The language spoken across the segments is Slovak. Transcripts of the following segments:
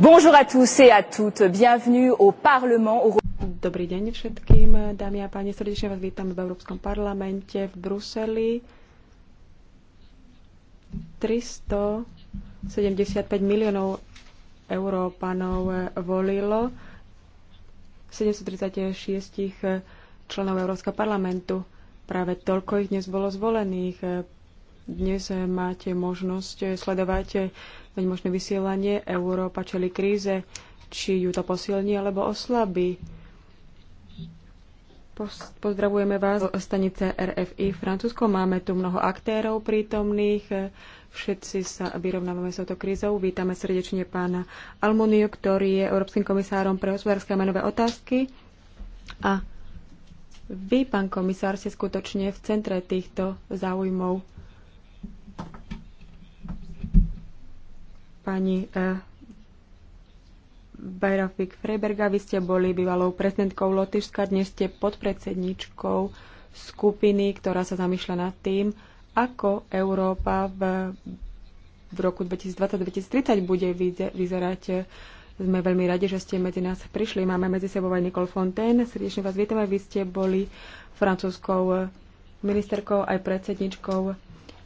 Bonjour à tous et à toutes. Bienvenue au Parlement européen. Dobrý deň všetkým, dámy a páni. Srdečne vás vítam v Európskom parlamente v Bruseli. 375 miliónov Európanov volilo 736 členov Európskeho parlamentu. Práve toľko ich dnes bolo zvolených. Dnes máte možnosť sledovať veď možné vysielanie. Európa čeli kríze, či ju to posilní alebo oslabí. Pozdravujeme vás z stanice RFI Francúzsko. Máme tu mnoho aktérov prítomných. Všetci sa vyrovnávame s touto krízou. Vítame srdečne pána Almuniu, ktorý je Európskym komisárom pre hospodárske a menové otázky. A vy, pán komisár, ste skutočne v centre týchto záujmov pani eh, Bajrafik Freiberga. Vy ste boli bývalou prezidentkou Lotyšska, dnes ste podpredsedničkou skupiny, ktorá sa zamýšľa nad tým, ako Európa v, v roku 2020-2030 bude vyzerať. Sme veľmi radi, že ste medzi nás prišli. Máme medzi sebou aj Nicole Fontaine. Srdečne vás vítame. Vy ste boli francúzskou ministerkou aj predsedničkou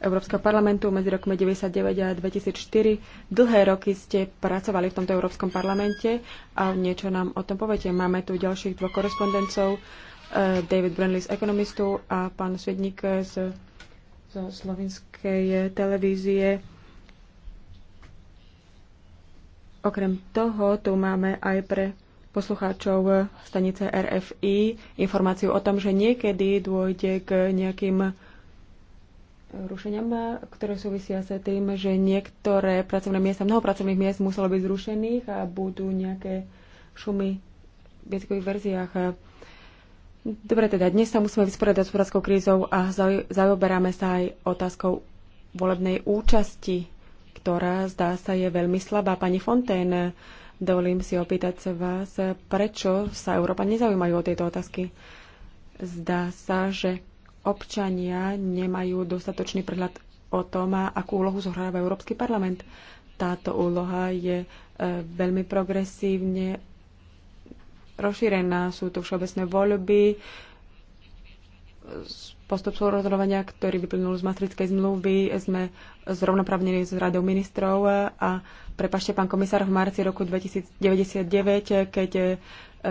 Európskeho parlamentu medzi rokmi 1999 a 2004. Dlhé roky ste pracovali v tomto Európskom parlamente a niečo nám o tom poviete. Máme tu ďalších dvoch korespondencov, eh, David Brenly z Ekonomistu a pán Svedník z, zo slovinskej televízie. Okrem toho tu máme aj pre poslucháčov stanice RFI informáciu o tom, že niekedy dôjde k nejakým rušeniam, ktoré súvisia sa tým, že niektoré pracovné miesta, mnoho pracovných miest muselo byť zrušených a budú nejaké šumy v jazykových verziách. Dobre, teda dnes sa musíme vysporiadať s hospodárskou krízou a zaoberáme sa aj otázkou volebnej účasti, ktorá zdá sa je veľmi slabá. Pani Fontaine, dovolím si opýtať sa vás, prečo sa Európa nezaujímajú o tejto otázky? Zdá sa, že občania nemajú dostatočný prehľad o tom, akú úlohu zohráva Európsky parlament. Táto úloha je e, veľmi progresívne rozšírená. Sú tu všeobecné voľby, e, postup rozhodovania, ktorý vyplynul z Maastrichtskej zmluvy, sme zrovnoprávnení s radou ministrov a prepašte, pán komisár, v marci roku 2099, keď e,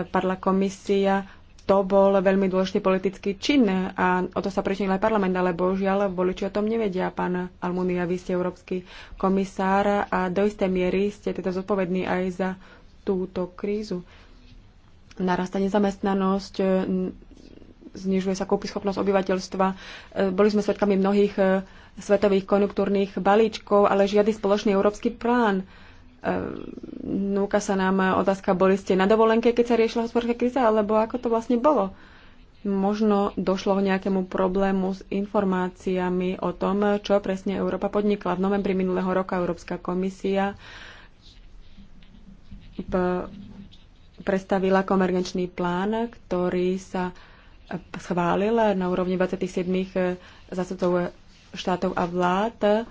padla komisia, to bol veľmi dôležitý politický čin a o to sa prečnil aj parlament, ale bohužiaľ voliči o tom nevedia. Pán Almunia, vy ste európsky komisár a do istej miery ste teda zodpovední aj za túto krízu. Narasta nezamestnanosť, znižuje sa kúpyschopnosť obyvateľstva. Boli sme svedkami mnohých svetových konjunktúrnych balíčkov, ale žiadny spoločný európsky plán Ehm, núka sa nám otázka, boli ste na dovolenke, keď sa riešila hospodárska kríza, alebo ako to vlastne bolo? Možno došlo k nejakému problému s informáciami o tom, čo presne Európa podnikla. V novembri minulého roka Európska komisia predstavila konvergenčný plán, ktorý sa schválil na úrovni 27 eh, zásadov eh, štátov a vlád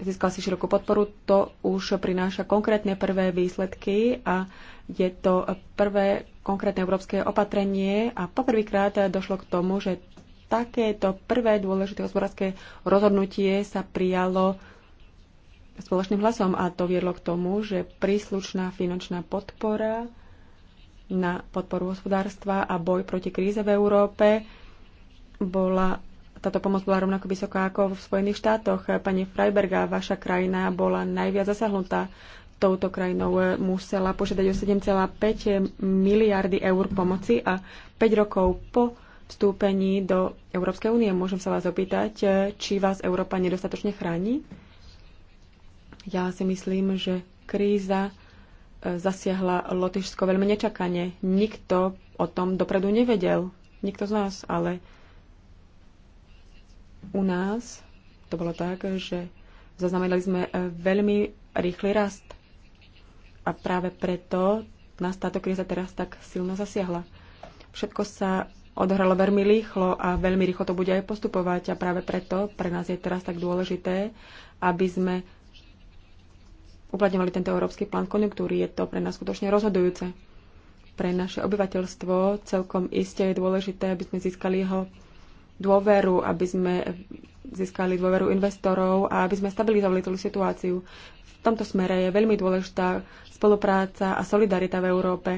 získal si širokú podporu. To už prináša konkrétne prvé výsledky a je to prvé konkrétne európske opatrenie a poprvýkrát došlo k tomu, že takéto prvé dôležité hospodárske rozhodnutie sa prijalo spoločným hlasom a to viedlo k tomu, že príslušná finančná podpora na podporu hospodárstva a boj proti kríze v Európe bola táto pomoc bola rovnako vysoká ako v Spojených štátoch. Pani Freiberga, vaša krajina bola najviac zasahnutá touto krajinou musela požiadať o 7,5 miliardy eur pomoci a 5 rokov po vstúpení do Európskej únie. Môžem sa vás opýtať, či vás Európa nedostatočne chráni? Ja si myslím, že kríza e, zasiahla Lotyšsko veľmi nečakane. Nikto o tom dopredu nevedel. Nikto z nás, ale u nás to bolo tak, že zaznamenali sme e, veľmi rýchly rast. A práve preto nás táto kríza teraz tak silno zasiahla. Všetko sa odhralo veľmi rýchlo a veľmi rýchlo to bude aj postupovať a práve preto pre nás je teraz tak dôležité, aby sme uplatňovali tento európsky plán konjunktúry. Je to pre nás skutočne rozhodujúce. Pre naše obyvateľstvo celkom iste je dôležité, aby sme získali jeho dôveru, aby sme získali dôveru investorov a aby sme stabilizovali celú situáciu. V tomto smere je veľmi dôležitá spolupráca a solidarita v Európe.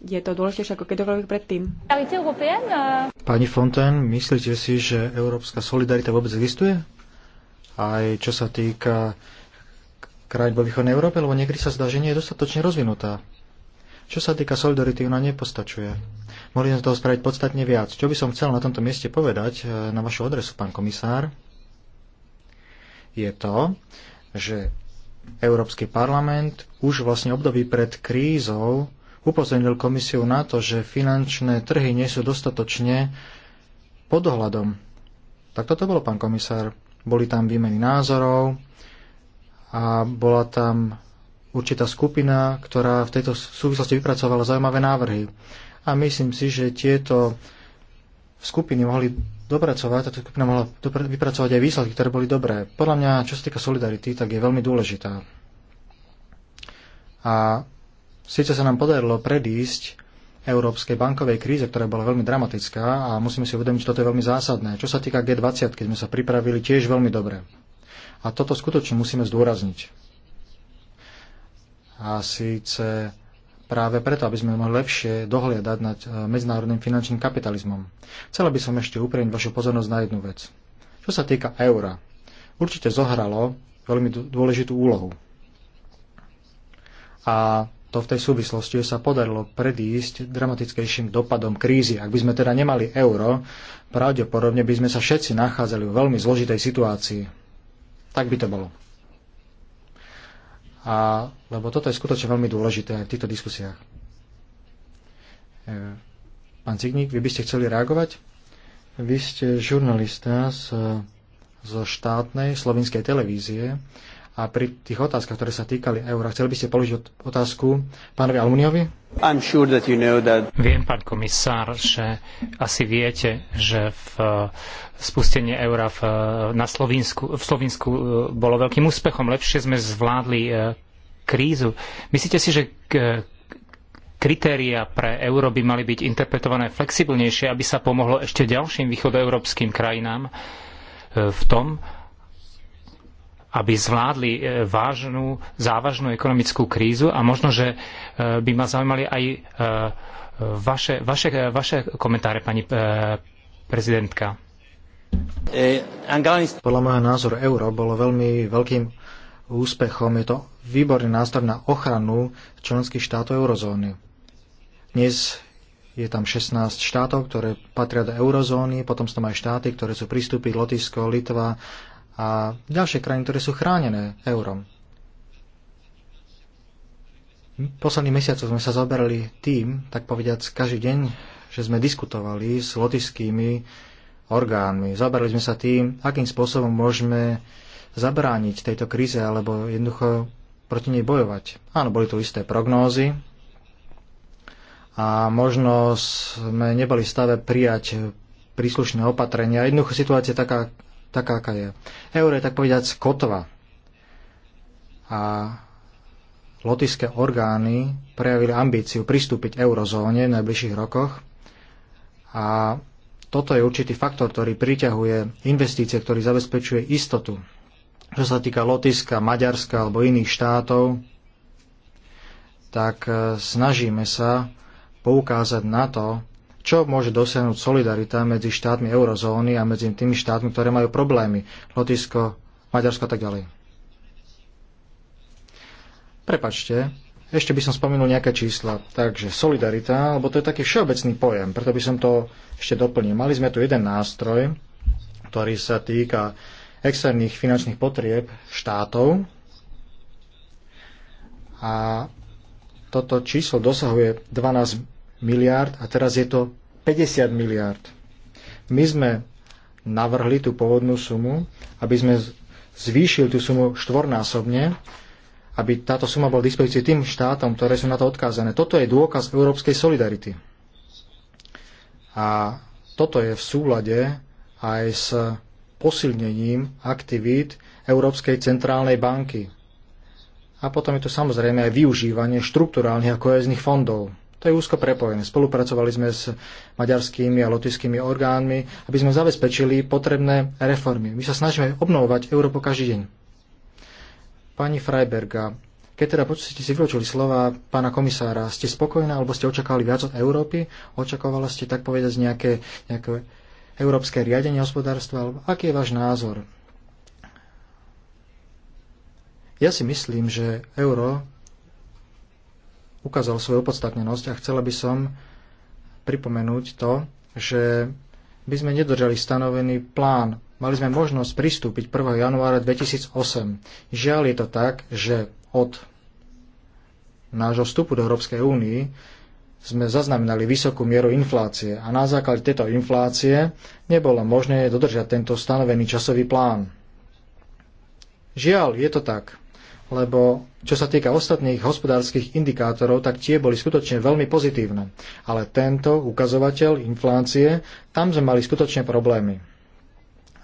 Je to dôležitejšie ako kedykoľvek predtým. Pani Fonten, myslíte si, že európska solidarita vôbec existuje? Aj čo sa týka krajín vo východnej Európe, lebo niekedy sa zdá, že nie je dostatočne rozvinutá. Čo sa týka solidarity, ona nepostačuje. Mohli sme toho spraviť podstatne viac. Čo by som chcel na tomto mieste povedať e, na vašu adresu, pán komisár, je to, že Európsky parlament už vlastne období pred krízou upozornil komisiu na to, že finančné trhy nie sú dostatočne pod ohľadom. Tak toto bolo, pán komisár. Boli tam výmeny názorov a bola tam určitá skupina, ktorá v tejto súvislosti vypracovala zaujímavé návrhy. A myslím si, že tieto skupiny mohli dopracovať, táto skupina mohla vypracovať aj výsledky, ktoré boli dobré. Podľa mňa, čo sa týka solidarity, tak je veľmi dôležitá. A síce sa nám podarilo predísť európskej bankovej kríze, ktorá bola veľmi dramatická a musíme si uvedomiť, že toto je veľmi zásadné. Čo sa týka G20, keď sme sa pripravili tiež veľmi dobre. A toto skutočne musíme zdôrazniť. A síce práve preto, aby sme mohli lepšie dohliadať nad e, medzinárodným finančným kapitalizmom. Chcela by som ešte upriamiť vašu pozornosť na jednu vec. Čo sa týka eura, určite zohralo veľmi dôležitú úlohu. A to v tej súvislosti sa podarilo predísť dramatickejším dopadom krízy. Ak by sme teda nemali euro, pravdepodobne by sme sa všetci nachádzali v veľmi zložitej situácii. Tak by to bolo a, lebo toto je skutočne veľmi dôležité v týchto diskusiách. E, pán Cigník, vy by ste chceli reagovať? Vy ste žurnalista z, zo štátnej slovinskej televízie a pri tých otázkach, ktoré sa týkali eura. Chceli by ste položiť otázku pánovi Almuniovi? Sure you know that... Viem, pán komisár, že asi viete, že v eh, spustenie eura v, eh, na Slovinsku, v Slovensku eh, bolo veľkým úspechom. Lepšie sme zvládli krízu. Myslíte si, že kritéria pre euro by mali byť interpretované flexibilnejšie, aby sa pomohlo ešte ďalším východoeurópskym krajinám v tom, aby zvládli e, vážnu, závažnú ekonomickú krízu a možno, že e, by ma zaujímali aj e, vaše, vaše, vaše komentáre, pani prezidentka. Podľa môjho názoru euro bolo veľmi veľkým úspechom. Je to výborný nástroj na ochranu členských štátov eurozóny. Dnes je tam 16 štátov, ktoré patria do eurozóny, potom sú tam aj štáty, ktoré sú pristúpiť Lotyšsko, Litva, a ďalšie krajiny, ktoré sú chránené eurom. Posledných mesiac sme sa zaoberali tým, tak povediať, každý deň, že sme diskutovali s lotiskými orgánmi. Zaoberali sme sa tým, akým spôsobom môžeme zabrániť tejto kríze alebo jednoducho proti nej bojovať. Áno, boli tu isté prognózy, a možno sme neboli v stave prijať príslušné opatrenia. Jednoducho situácia je taká, taká, aká je. Euro je tak povedať kotva. A lotiské orgány prejavili ambíciu pristúpiť eurozóne v najbližších rokoch a toto je určitý faktor, ktorý priťahuje investície, ktorý zabezpečuje istotu. Čo sa týka Lotyska, Maďarska alebo iných štátov, tak e, snažíme sa poukázať na to, čo môže dosiahnuť solidarita medzi štátmi eurozóny a medzi tými štátmi, ktoré majú problémy, Lotisko, Maďarsko a tak ďalej. Prepačte, ešte by som spomenul nejaké čísla. Takže solidarita, lebo to je taký všeobecný pojem, preto by som to ešte doplnil. Mali sme tu jeden nástroj, ktorý sa týka externých finančných potrieb štátov a toto číslo dosahuje 12 miliárd a teraz je to 50 miliárd. My sme navrhli tú pôvodnú sumu, aby sme zvýšili tú sumu štvornásobne, aby táto suma bola dispozícii tým štátom, ktoré sú na to odkázané. Toto je dôkaz európskej solidarity. A toto je v súlade aj s posilnením aktivít Európskej centrálnej banky. A potom je to samozrejme aj využívanie štruktúrálnych a kohezných fondov. To je úzko prepojené. Spolupracovali sme s maďarskými a lotyšskými orgánmi, aby sme zabezpečili potrebné reformy. My sa snažíme obnovovať Európu každý deň. Pani Freiberga, keď teda počujete si vyločili slova pána komisára, ste spokojná alebo ste očakávali viac od Európy? Očakávala ste tak povedať nejaké, nejaké európske riadenie hospodárstva? Alebo aký je váš názor? Ja si myslím, že euro ukázal svoju opodstatnenosť a chcela by som pripomenúť to, že by sme nedržali stanovený plán. Mali sme možnosť pristúpiť 1. januára 2008. Žiaľ je to tak, že od nášho vstupu do Európskej únii sme zaznamenali vysokú mieru inflácie a na základe tejto inflácie nebolo možné dodržať tento stanovený časový plán. Žiaľ, je to tak lebo čo sa týka ostatných hospodárskych indikátorov, tak tie boli skutočne veľmi pozitívne. Ale tento ukazovateľ inflácie, tam sme mali skutočne problémy.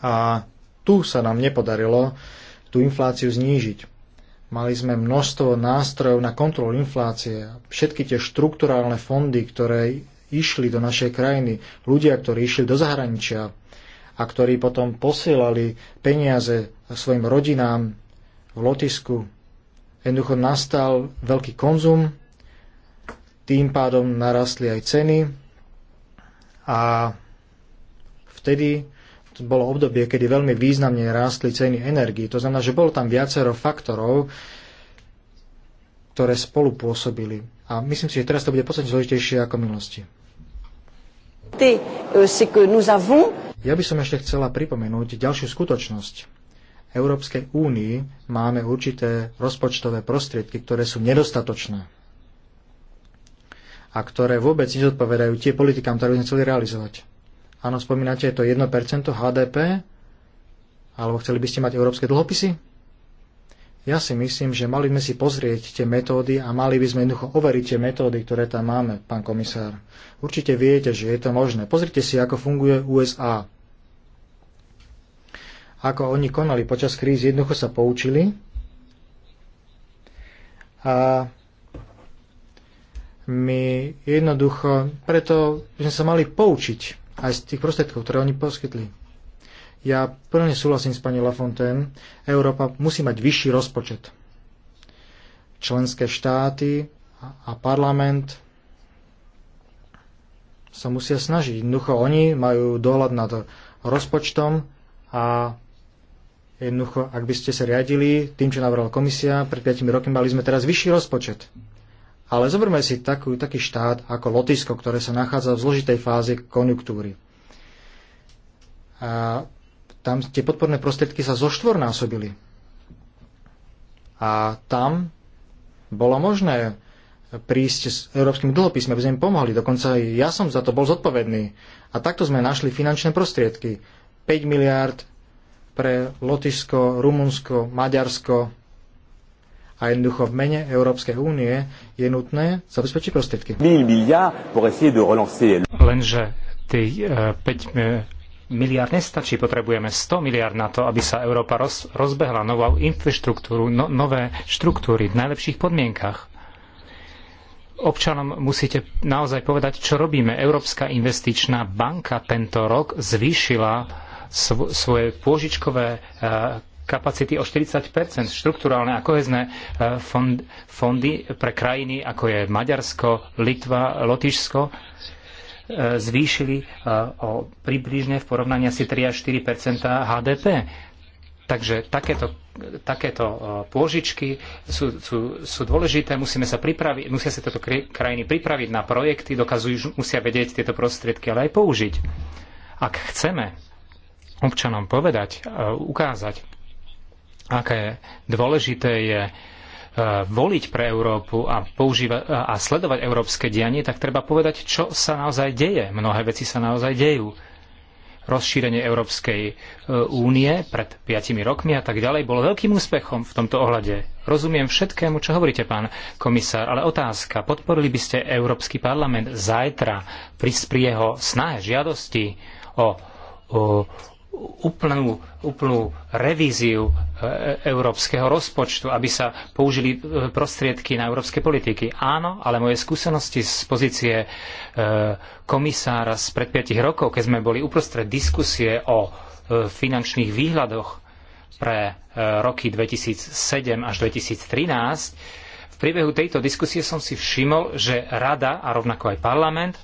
A tu sa nám nepodarilo tú infláciu znížiť. Mali sme množstvo nástrojov na kontrolu inflácie, všetky tie štrukturálne fondy, ktoré išli do našej krajiny, ľudia, ktorí išli do zahraničia a ktorí potom posielali peniaze svojim rodinám v Lotisku Jednoducho nastal veľký konzum, tým pádom narastli aj ceny a vtedy to bolo obdobie, kedy veľmi významne rástli ceny energii. To znamená, že bolo tam viacero faktorov, ktoré spolu pôsobili. A myslím si, že teraz to bude podstatne zložitejšie ako minulosti. Euh, ja by som ešte chcela pripomenúť ďalšiu skutočnosť. Európskej únii máme určité rozpočtové prostriedky, ktoré sú nedostatočné a ktoré vôbec nezodpovedajú tie politikám, ktoré by sme chceli realizovať. Áno, spomínate, je to 1% HDP, alebo chceli by ste mať európske dlhopisy? Ja si myslím, že mali sme si pozrieť tie metódy a mali by sme jednoducho overiť tie metódy, ktoré tam máme, pán komisár. Určite viete, že je to možné. Pozrite si, ako funguje USA ako oni konali počas krízy, jednoducho sa poučili a my jednoducho, preto by sme sa mali poučiť aj z tých prostriedkov, ktoré oni poskytli. Ja plne súhlasím s pani Lafontaine, Európa musí mať vyšší rozpočet. Členské štáty a parlament sa musia snažiť. Jednoducho oni majú dohľad nad rozpočtom a Jednoducho, ak by ste sa riadili tým, čo navrhla komisia, pred 5 rokmi mali sme teraz vyšší rozpočet. Ale zoberme si takú, taký štát ako Lotisko, ktoré sa nachádza v zložitej fáze konjunktúry. A tam tie podporné prostriedky sa zoštvornásobili. A tam bolo možné prísť s európskymi dlhopismi, aby sme im pomohli. Dokonca aj ja som za to bol zodpovedný. A takto sme našli finančné prostriedky. 5 miliard pre Lotyšsko, Rumunsko, Maďarsko a jednoducho v mene Európskej únie je nutné zabezpečiť prostriedky. Lenže tých 5 eh, eh, miliard nestačí, potrebujeme 100 miliard na to, aby sa Európa roz, rozbehla novú infraštruktúru, no, nové štruktúry v najlepších podmienkach občanom musíte naozaj povedať, čo robíme. Európska investičná banka tento rok zvýšila svoje pôžičkové e, kapacity o 40 štruktúrálne a kohezné e, fond, fondy pre krajiny ako je Maďarsko, Litva, Lotyšsko e, zvýšili o približne v porovnaní asi 3 až 4 HDP. Takže takéto, takéto pôžičky sú, sú, sú dôležité, musíme sa pripraviť, musia sa tieto krajiny pripraviť na projekty, dokazujú, musia vedieť tieto prostriedky ale aj použiť. Ak chceme občanom povedať, e, ukázať, aké dôležité je e, voliť pre Európu a, používa- e, a sledovať európske dianie, tak treba povedať, čo sa naozaj deje. Mnohé veci sa naozaj dejú. Rozšírenie Európskej únie pred piatimi rokmi a tak ďalej bolo veľkým úspechom v tomto ohľade. Rozumiem všetkému, čo hovoríte, pán komisár, ale otázka. Podporili by ste Európsky parlament zajtra pri jeho snahe, žiadosti o, o úplnú, úplnú revíziu e, európskeho rozpočtu, aby sa použili e, prostriedky na európske politiky. Áno, ale moje skúsenosti z pozície e, komisára z pred 5 rokov, keď sme boli uprostred diskusie o finančných výhľadoch pre roky 2007 až 2013, v priebehu tejto diskusie som si všimol, že rada a rovnako aj parlament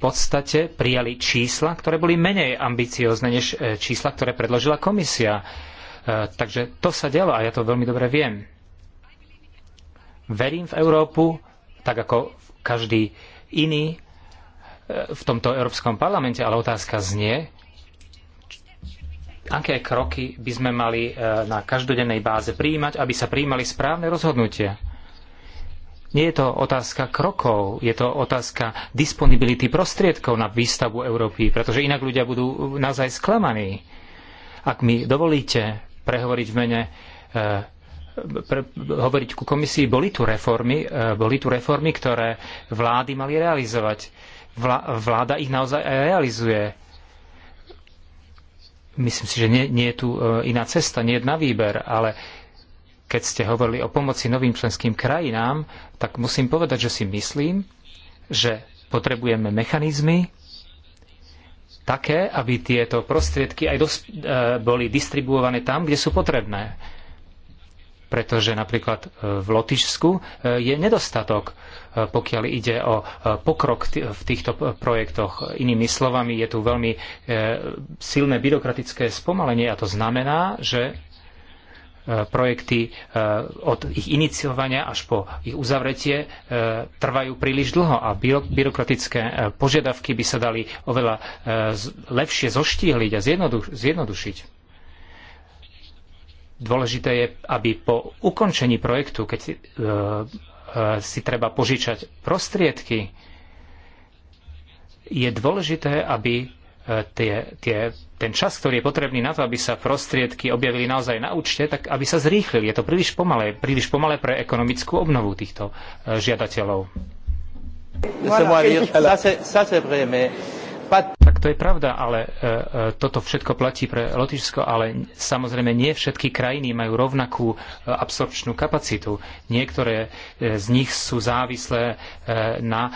podstate prijali čísla, ktoré boli menej ambiciózne než e, čísla, ktoré predložila komisia. E, takže to sa dialo a ja to veľmi dobre viem. Verím v Európu, tak ako každý iný e, v tomto Európskom parlamente, ale otázka znie, aké kroky by sme mali na každodennej báze prijímať, aby sa prijímali správne rozhodnutia. Nie je to otázka krokov, je to otázka disponibility prostriedkov na výstavbu Európy, pretože inak ľudia budú naozaj sklamaní. Ak mi dovolíte prehovoriť v mene eh, pre, hovoriť ku komisii, boli tu reformy, eh, boli tu reformy, ktoré vlády mali realizovať. Vla, vláda ich naozaj realizuje. Myslím si, že nie, nie je tu eh, iná cesta, nie je na výber, ale keď ste hovorili o pomoci novým členským krajinám, tak musím povedať, že si myslím, že potrebujeme mechanizmy také, aby tieto prostriedky aj dos- e, boli distribuované tam, kde sú potrebné. Pretože napríklad e, v Lotyšsku e, je nedostatok, pokiaľ ide o pokrok v týchto projektoch. Inými slovami, je tu veľmi silné byrokratické spomalenie a to znamená, že E, projekty e, od ich iniciovania až po ich uzavretie e, trvajú príliš dlho a byrokratické požiadavky by sa dali oveľa lepšie zoštíhliť a zjednodušiť. Dôležité je, aby po ukončení projektu, keď si, treba požičať prostriedky, je dôležité, aby tie, tie, ten čas, ktorý je potrebný na to, aby sa prostriedky objavili naozaj na účte, tak aby sa zrýchlili. Je to príliš pomalé, príliš pomalé pre ekonomickú obnovu týchto e, žiadateľov. To je pravda, ale e, e, toto všetko platí pre Lotyšsko, ale samozrejme nie všetky krajiny majú rovnakú e, absorpčnú kapacitu. Niektoré z nich sú závislé na,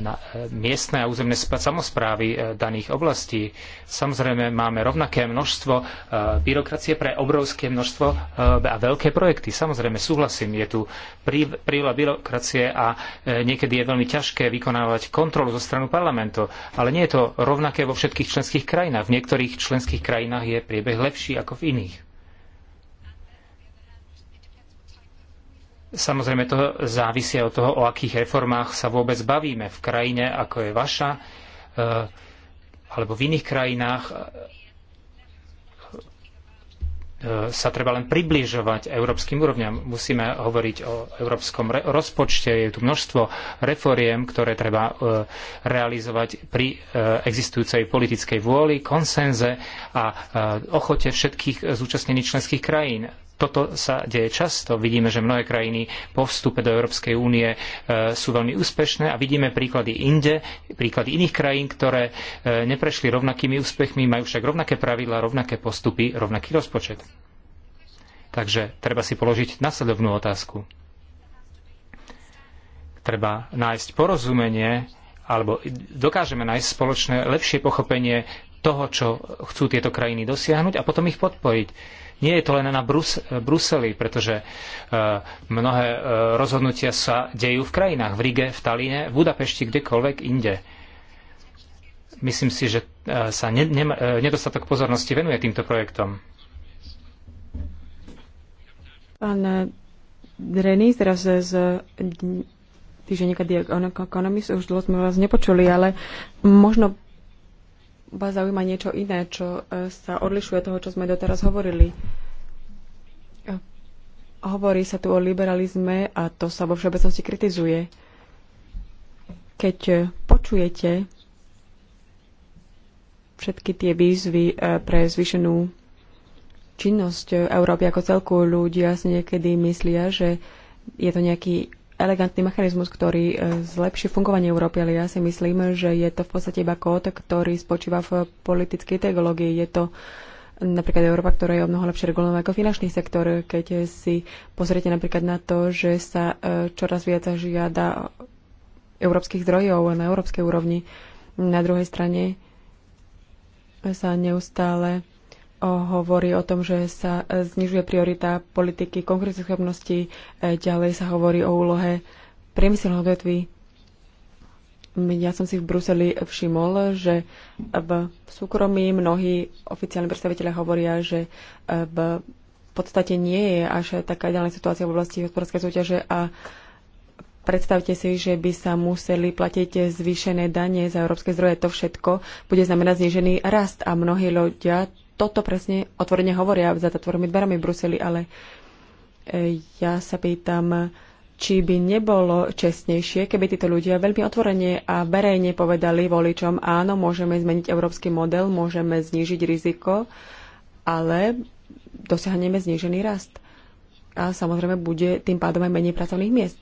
na miestne a územné samozprávy daných oblastí. Samozrejme máme rovnaké množstvo byrokracie pre obrovské množstvo a veľké projekty. Samozrejme súhlasím, je tu príla byrokracie a niekedy je veľmi ťažké vykonávať kontrolu zo stranu parlamentu, ale nie je to rovnaké vo všetkých členských krajinách. V niektorých členských krajinách je priebeh lepší ako v iných. Samozrejme to závisia od toho, o akých reformách sa vôbec bavíme v krajine, ako je vaša, eh, alebo v iných krajinách E, sa treba len približovať európskym úrovňam. Musíme hovoriť o európskom rozpočte. Je tu množstvo reforiem, ktoré treba e, realizovať pri e, existujúcej politickej vôli, konsenze a ochote všetkých zúčastnených členských krajín. Toto sa deje často. Vidíme, že mnohé krajiny po vstupe do Európskej únie e, sú veľmi úspešné a vidíme príklady inde, príklady iných krajín, ktoré e, neprešli rovnakými úspechmi, majú však rovnaké pravidlá, rovnaké postupy, rovnaký rozpočet. Takže treba si položiť nasledovnú otázku. Treba nájsť porozumenie, alebo dokážeme nájsť spoločné lepšie pochopenie toho, čo chcú tieto krajiny dosiahnuť a potom ich podporiť. Nie je to len na Brus- Bruseli, pretože e, mnohé e, rozhodnutia sa dejú v krajinách, v Rige, v Talíne, v Budapešti, kdekoľvek inde. Myslím si, že e, sa ne ne nedostatok pozornosti venuje týmto projektom. Pán Drený, teraz z týždenníka The Economist, už dlho sme vás nepočuli, ale možno vás zaujíma niečo iné, čo e, sa odlišuje toho, čo sme doteraz hovorili. E, hovorí sa tu o liberalizme a to sa vo všeobecnosti kritizuje. Keď e, počujete všetky tie výzvy pre zvýšenú činnosť Európy ako celku, ľudia si niekedy myslia, že je to nejaký elegantný mechanizmus, ktorý e, zlepší fungovanie Európy, ale ja si myslím, že je to v podstate iba kód, ktorý spočíva v politickej teológii. Je to napríklad Európa, ktorá je o mnoho lepšie regulovaná ako finančný sektor. Keď si pozriete napríklad na to, že sa e, čoraz viac žiada európskych zdrojov na európskej úrovni, na druhej strane sa neustále hovorí o tom, že sa e, znižuje priorita politiky schopnosti e, ďalej sa hovorí o úlohe priemyselného odvetví. Ja som si v Bruseli všimol, že v súkromí mnohí oficiálni predstaviteľe hovoria, že e, v podstate nie je až taká ideálna situácia v oblasti hospodárskej súťaže a predstavte si, že by sa museli platiť zvýšené dane za európske zdroje. To všetko bude znamenať znížený rast a mnohí ľudia toto presne otvorene hovoria za zatvorými dverami v Bruseli, ale e, ja sa pýtam, či by nebolo čestnejšie, keby títo ľudia veľmi otvorene a verejne povedali voličom, áno, môžeme zmeniť európsky model, môžeme znížiť riziko, ale dosiahneme znížený rast. A samozrejme bude tým pádom aj menej pracovných miest.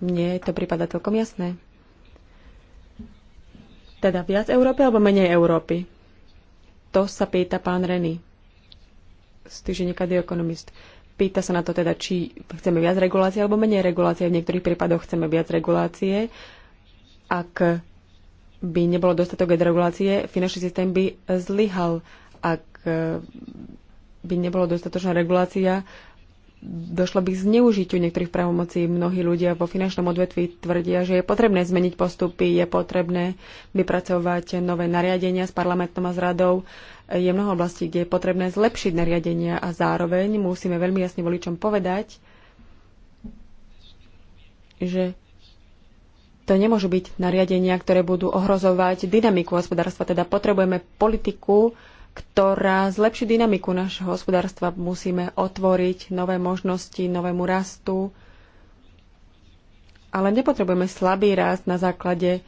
Mne to prípada celkom jasné. Teda viac Európy alebo menej Európy? To sa pýta pán Reny z týždenníka The Economist. Pýta sa na to teda, či chceme viac regulácie alebo menej regulácie. V niektorých prípadoch chceme viac regulácie. Ak by nebolo dostatok regulácie, finančný systém by zlyhal. Ak by nebola dostatočná regulácia, došlo by k zneužitiu niektorých právomocí. Mnohí ľudia vo finančnom odvetví tvrdia, že je potrebné zmeniť postupy, je potrebné vypracovať nové nariadenia s parlamentom a s radou. Je mnoho oblastí, kde je potrebné zlepšiť nariadenia a zároveň musíme veľmi jasne voličom povedať, že to nemôžu byť nariadenia, ktoré budú ohrozovať dynamiku hospodárstva. Teda potrebujeme politiku, ktorá zlepší dynamiku našho hospodárstva. Musíme otvoriť nové možnosti, novému rastu, ale nepotrebujeme slabý rast na základe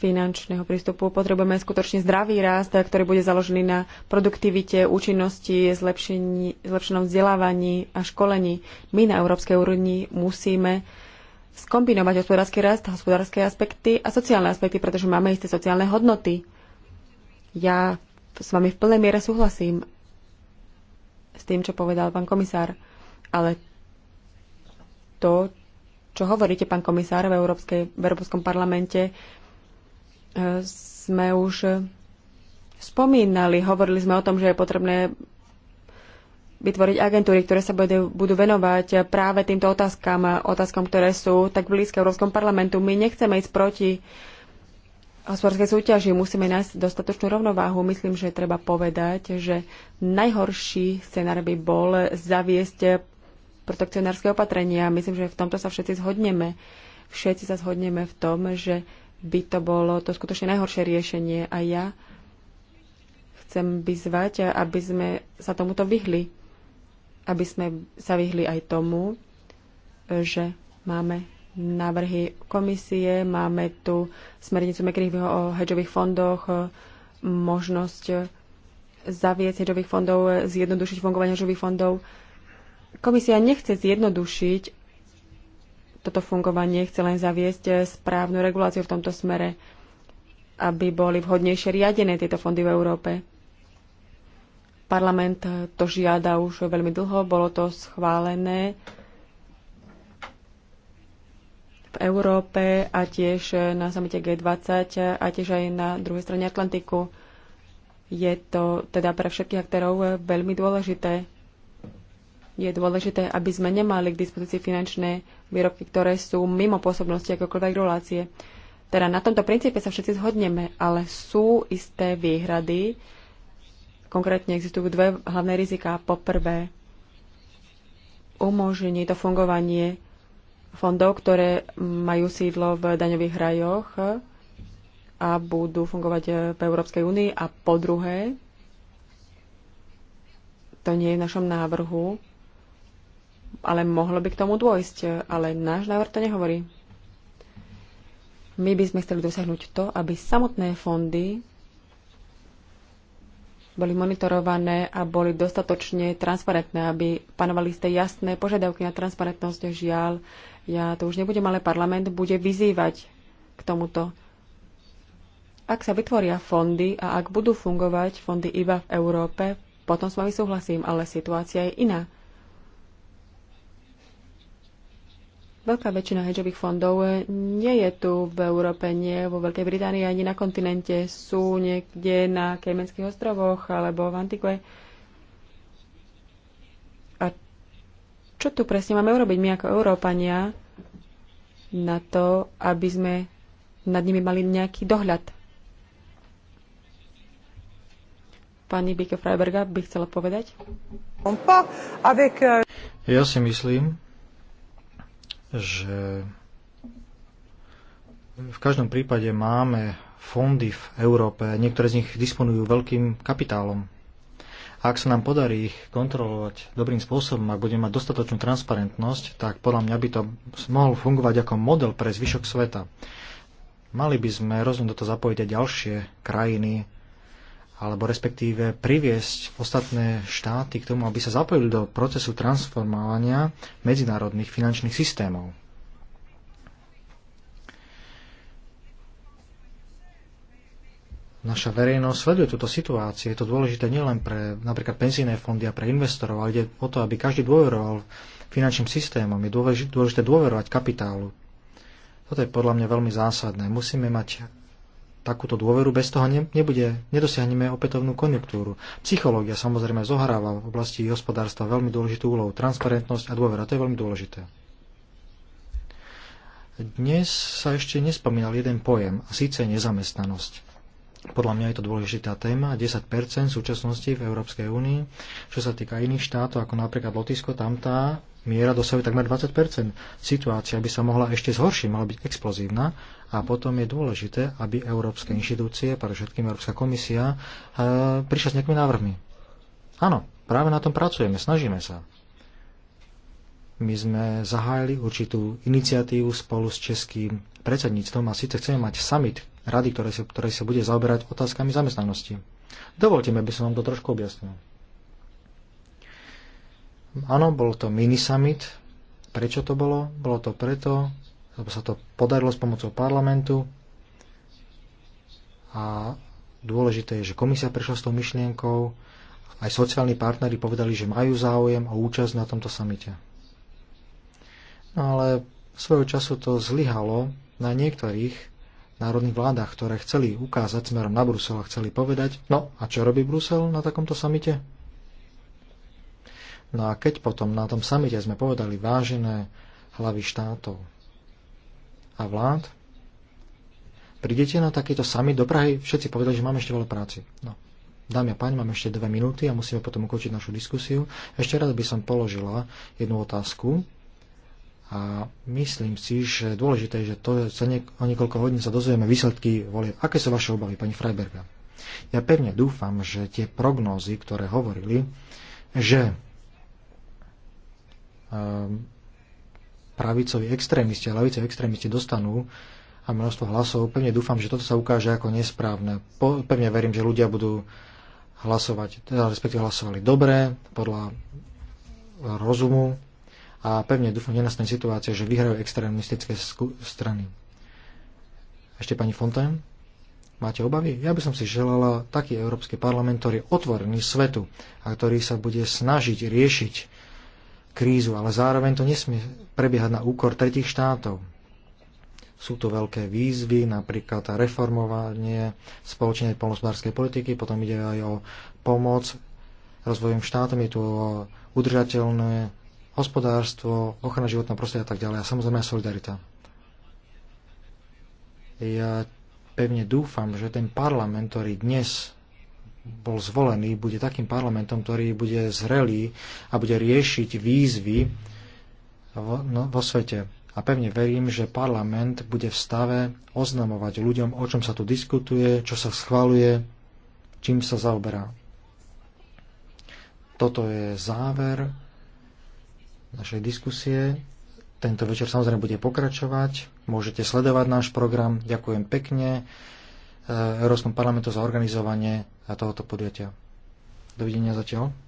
finančného prístupu. Potrebujeme skutočne zdravý rast, ktorý bude založený na produktivite, účinnosti, zlepšení, zlepšenom vzdelávaní a školení. My na európskej úrovni musíme skombinovať hospodársky rast, hospodárske aspekty a sociálne aspekty, pretože máme isté sociálne hodnoty. Ja s vami v plnej miere súhlasím s tým, čo povedal pán komisár, ale to, čo hovoríte, pán komisár, v, Európskej, v Európskom parlamente, e, sme už spomínali, hovorili sme o tom, že je potrebné vytvoriť agentúry, ktoré sa budú, budú venovať práve týmto otázkam, otázkom, ktoré sú tak blízke Európskom parlamentu. My nechceme ísť proti uh, hospodárskej súťaži. Musíme nájsť dostatočnú rovnováhu. Myslím, že treba povedať, že najhorší scenár by bol zaviesť protekcionárske opatrenia. Myslím, že v tomto sa všetci zhodneme. Všetci sa zhodneme v tom, že by to bolo to skutočne najhoršie riešenie. A ja chcem vyzvať, aby sme sa tomuto vyhli. Aby sme sa vyhli aj tomu, že máme návrhy komisie, máme tu smernicu Mekrých o hedžových fondoch, možnosť zaviesť hedžových fondov, zjednodušiť fungovanie hedžových fondov. Komisia nechce zjednodušiť toto fungovanie, chce len zaviesť správnu reguláciu v tomto smere, aby boli vhodnejšie riadené tieto fondy v Európe. Parlament to žiada už veľmi dlho, bolo to schválené v Európe a tiež na samite G20 a tiež aj na druhej strane Atlantiku. Je to teda pre všetkých aktérov veľmi dôležité. Je dôležité, aby sme nemali k dispozícii finančné výrobky, ktoré sú mimo pôsobnosti akokoľvek regulácie. Teda na tomto princípe sa všetci zhodneme, ale sú isté výhrady. Konkrétne existujú dve hlavné riziká. Poprvé, umožní to fungovanie fondov, ktoré majú sídlo v daňových rajoch a budú fungovať v Európskej únii. A po druhé, to nie je v našom návrhu, ale mohlo by k tomu dôjsť, ale náš návrh to nehovorí. My by sme chceli dosiahnuť to, aby samotné fondy boli monitorované a boli dostatočne transparentné, aby panovali ste jasné požiadavky na transparentnosť. Žiaľ, ja to už nebudem, ale parlament bude vyzývať k tomuto. Ak sa vytvoria fondy a ak budú fungovať fondy iba v Európe, potom s vami súhlasím, ale situácia je iná. Veľká väčšina hedžových fondov nie je tu v Európe, nie vo Veľkej Británii ani na kontinente. Sú niekde na Kejmenských ostrovoch alebo v Antikve. Čo tu presne máme urobiť my ako Európania na to, aby sme nad nimi mali nejaký dohľad? Pani Bike Freiberga by chcela povedať? Ja si myslím, že v každom prípade máme fondy v Európe, niektoré z nich disponujú veľkým kapitálom. Ak sa nám podarí ich kontrolovať dobrým spôsobom, ak budeme mať dostatočnú transparentnosť, tak podľa mňa by to mohol fungovať ako model pre zvyšok sveta. Mali by sme rozhodne do toho zapojiť aj ďalšie krajiny, alebo respektíve priviesť ostatné štáty k tomu, aby sa zapojili do procesu transformovania medzinárodných finančných systémov. naša verejnosť sleduje túto situáciu. Je to dôležité nielen pre napríklad penzijné fondy a pre investorov, ale ide o to, aby každý dôveroval finančným systémom. Je dôležité dôverovať kapitálu. Toto je podľa mňa veľmi zásadné. Musíme mať takúto dôveru, bez toho nebude, nedosiahneme opätovnú konjunktúru. Psychológia samozrejme zohráva v oblasti hospodárstva veľmi dôležitú úlohu. Transparentnosť a dôvera, to je veľmi dôležité. Dnes sa ešte nespomínal jeden pojem, a síce nezamestnanosť. Podľa mňa je to dôležitá téma. 10% v súčasnosti v Európskej únii, čo sa týka iných štátov, ako napríklad Lotisko, tam tá miera dosahuje takmer 20%. Situácia by sa mohla ešte zhoršiť, mala byť explozívna a potom je dôležité, aby európske inštitúcie, pre všetkým Európska komisia, e, prišla s nejakými návrhmi. Áno, práve na tom pracujeme, snažíme sa. My sme zahájili určitú iniciatívu spolu s Českým predsedníctvom a síce chceme mať summit rady, ktoré sa, ktoré sa bude zaoberať otázkami zamestnanosti. Dovolte mi, aby som vám to trošku objasnil. Áno, bol to mini-summit. Prečo to bolo? Bolo to preto, lebo sa to podarilo s pomocou parlamentu a dôležité je, že komisia prišla s tou myšlienkou, aj sociálni partnery povedali, že majú záujem o účasť na tomto samite. No ale svojho času to zlyhalo na niektorých národných vládach, ktoré chceli ukázať smerom na Brusel a chceli povedať, no a čo robí Brusel na takomto samite? No a keď potom na tom samite sme povedali vážené hlavy štátov a vlád, prídete na takýto summit do Prahy, všetci povedali, že máme ešte veľa práci. No, Dámy a páni, máme ešte dve minúty a musíme potom ukončiť našu diskusiu. Ešte raz by som položila jednu otázku a myslím si, že dôležité je, že to sa niek- o niekoľko hodín sa dozvieme výsledky volie. Aké sú vaše obavy, pani Freiberga? Ja pevne dúfam, že tie prognózy, ktoré hovorili, že um, ehm, pravicovi extrémisti a lavicovi extrémisti dostanú a množstvo hlasov. Pevne dúfam, že toto sa ukáže ako nesprávne. Po, pevne verím, že ľudia budú hlasovať, teda respektíve hlasovali dobre, podľa rozumu a pevne dúfam, že nenastane situácia, že vyhrajú extrémistické strany. Ešte pani Fontaine? Máte obavy? Ja by som si želala taký Európsky parlament, ktorý je otvorený svetu a ktorý sa bude snažiť riešiť krízu, ale zároveň to nesmie prebiehať na úkor tretich štátov. Sú tu veľké výzvy, napríklad reformovanie spoločnej polnospodárskej politiky, potom ide aj o pomoc rozvojom štátom, je tu o udržateľné hospodárstvo, ochrana životného prostredia a tak ďalej a samozrejme aj solidarita. Ja pevne dúfam, že ten parlament, ktorý dnes bol zvolený, bude takým parlamentom, ktorý bude zrelý a bude riešiť výzvy vo, no, vo svete. A pevne verím, že parlament bude v stave oznamovať ľuďom, o čom sa tu diskutuje, čo sa schvaluje, čím sa zaoberá. Toto je záver našej diskusie. Tento večer samozrejme bude pokračovať. Môžete sledovať náš program. Ďakujem pekne eh, Európskom parlamentu za organizovanie tohoto podujatia. Dovidenia zatiaľ.